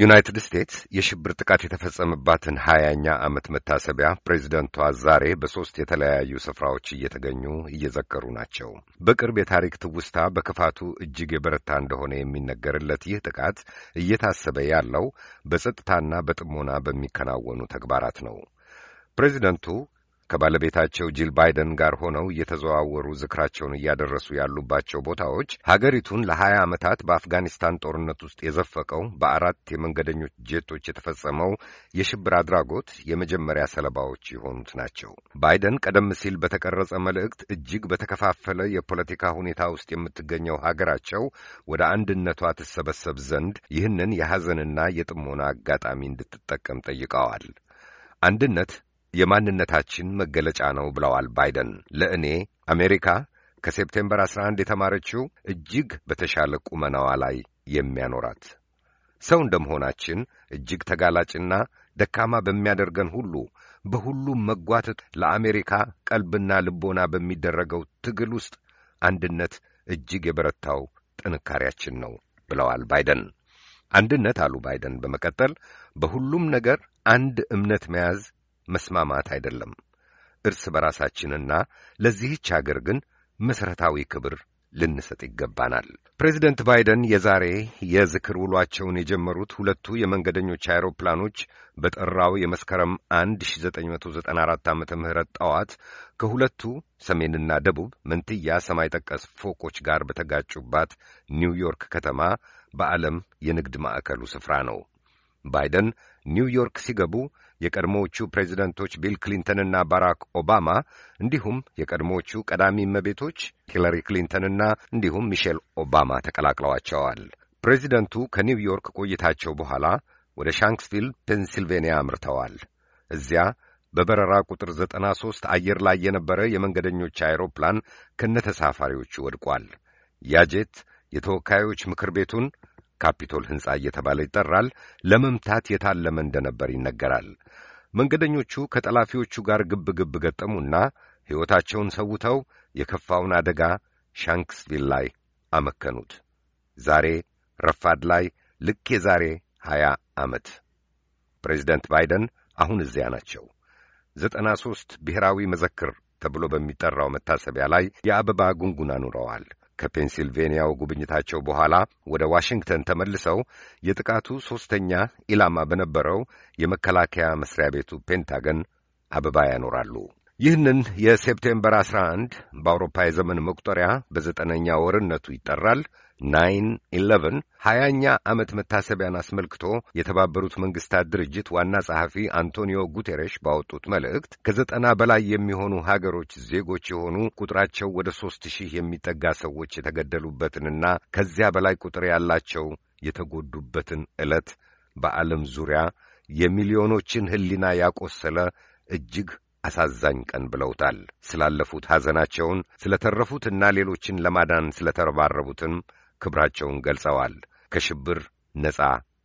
ዩናይትድ ስቴትስ የሽብር ጥቃት የተፈጸመባትን ሀያኛ ዓመት መታሰቢያ ፕሬዚደንቷ ዛሬ በሦስት የተለያዩ ስፍራዎች እየተገኙ እየዘከሩ ናቸው። በቅርብ የታሪክ ትውስታ በክፋቱ እጅግ የበረታ እንደሆነ የሚነገርለት ይህ ጥቃት እየታሰበ ያለው በጸጥታና በጥሞና በሚከናወኑ ተግባራት ነው። ፕሬዚደንቱ ከባለቤታቸው ጂል ባይደን ጋር ሆነው እየተዘዋወሩ ዝክራቸውን እያደረሱ ያሉባቸው ቦታዎች ሀገሪቱን ለሀያ ዓመታት በአፍጋኒስታን ጦርነት ውስጥ የዘፈቀው በአራት የመንገደኞች ጄቶች የተፈጸመው የሽብር አድራጎት የመጀመሪያ ሰለባዎች የሆኑት ናቸው። ባይደን ቀደም ሲል በተቀረጸ መልእክት እጅግ በተከፋፈለ የፖለቲካ ሁኔታ ውስጥ የምትገኘው ሀገራቸው ወደ አንድነቷ ትሰበሰብ ዘንድ ይህንን የሐዘንና የጥሞና አጋጣሚ እንድትጠቀም ጠይቀዋል። አንድነት የማንነታችን መገለጫ ነው ብለዋል ባይደን። ለእኔ አሜሪካ ከሴፕቴምበር 11 የተማረችው እጅግ በተሻለ ቁመናዋ ላይ የሚያኖራት ሰው እንደመሆናችን እጅግ ተጋላጭና ደካማ በሚያደርገን ሁሉ በሁሉም መጓተት ለአሜሪካ ቀልብና ልቦና በሚደረገው ትግል ውስጥ አንድነት እጅግ የበረታው ጥንካሬያችን ነው ብለዋል ባይደን። አንድነት አሉ ባይደን በመቀጠል በሁሉም ነገር አንድ እምነት መያዝ መስማማት አይደለም፣ እርስ በራሳችንና ለዚህች አገር ግን መሠረታዊ ክብር ልንሰጥ ይገባናል። ፕሬዚደንት ባይደን የዛሬ የዝክር ውሏቸውን የጀመሩት ሁለቱ የመንገደኞች አይሮፕላኖች በጠራው የመስከረም 1994 ዓ ም ጠዋት ከሁለቱ ሰሜንና ደቡብ መንትያ ሰማይ ጠቀስ ፎቆች ጋር በተጋጩባት ኒውዮርክ ከተማ በዓለም የንግድ ማዕከሉ ስፍራ ነው። ባይደን ኒውዮርክ ሲገቡ የቀድሞዎቹ ፕሬዚደንቶች ቢል ክሊንተንና ባራክ ኦባማ እንዲሁም የቀድሞዎቹ ቀዳሚ እመቤቶች ሂለሪ ክሊንተንና እንዲሁም ሚሼል ኦባማ ተቀላቅለዋቸዋል። ፕሬዚደንቱ ከኒውዮርክ ቆይታቸው በኋላ ወደ ሻንክስቪል ፔንሲልቬንያ አምርተዋል። እዚያ በበረራ ቁጥር ዘጠና ሦስት አየር ላይ የነበረ የመንገደኞች አይሮፕላን ከነተሳፋሪዎቹ ወድቋል። ያጄት የተወካዮች ምክር ቤቱን ካፒቶል ሕንፃ እየተባለ ይጠራል፣ ለመምታት የታለመ እንደነበር ይነገራል። መንገደኞቹ ከጠላፊዎቹ ጋር ግብ ግብ ገጠሙና ሕይወታቸውን ሰውተው የከፋውን አደጋ ሻንክስቪል ላይ አመከኑት። ዛሬ ረፋድ ላይ ልክ የዛሬ ሀያ ዓመት ፕሬዚደንት ባይደን አሁን እዚያ ናቸው። ዘጠና ሦስት ብሔራዊ መዘክር ተብሎ በሚጠራው መታሰቢያ ላይ የአበባ ጉንጉን አኑረዋል። ከፔንሲልቬንያው ጉብኝታቸው በኋላ ወደ ዋሽንግተን ተመልሰው የጥቃቱ ሦስተኛ ኢላማ በነበረው የመከላከያ መስሪያ ቤቱ ፔንታገን አበባ ያኖራሉ። ይህንን የሴፕቴምበር 11 በአውሮፓ የዘመን መቁጠሪያ በዘጠነኛ ወርነቱ ይጠራል ናይን ኢለቨን ሀያኛ ዓመት መታሰቢያን አስመልክቶ የተባበሩት መንግስታት ድርጅት ዋና ጸሐፊ አንቶኒዮ ጉቴሬሽ ባወጡት መልእክት ከዘጠና በላይ የሚሆኑ ሀገሮች ዜጎች የሆኑ ቁጥራቸው ወደ ሦስት ሺህ የሚጠጋ ሰዎች የተገደሉበትንና ከዚያ በላይ ቁጥር ያላቸው የተጎዱበትን ዕለት በዓለም ዙሪያ የሚሊዮኖችን ሕሊና ያቆሰለ እጅግ አሳዛኝ ቀን ብለውታል። ስላለፉት ሐዘናቸውን ተረፉትና ሌሎችን ለማዳን ተረባረቡትም ክብራቸውን ገልጸዋል። ከሽብር ነጻ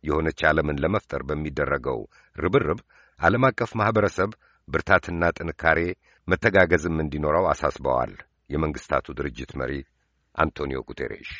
የሆነች ዓለምን ለመፍጠር በሚደረገው ርብርብ ዓለም አቀፍ ማኅበረሰብ ብርታትና ጥንካሬ መተጋገዝም እንዲኖረው አሳስበዋል። የመንግሥታቱ ድርጅት መሪ አንቶኒዮ ጉቴሬሽ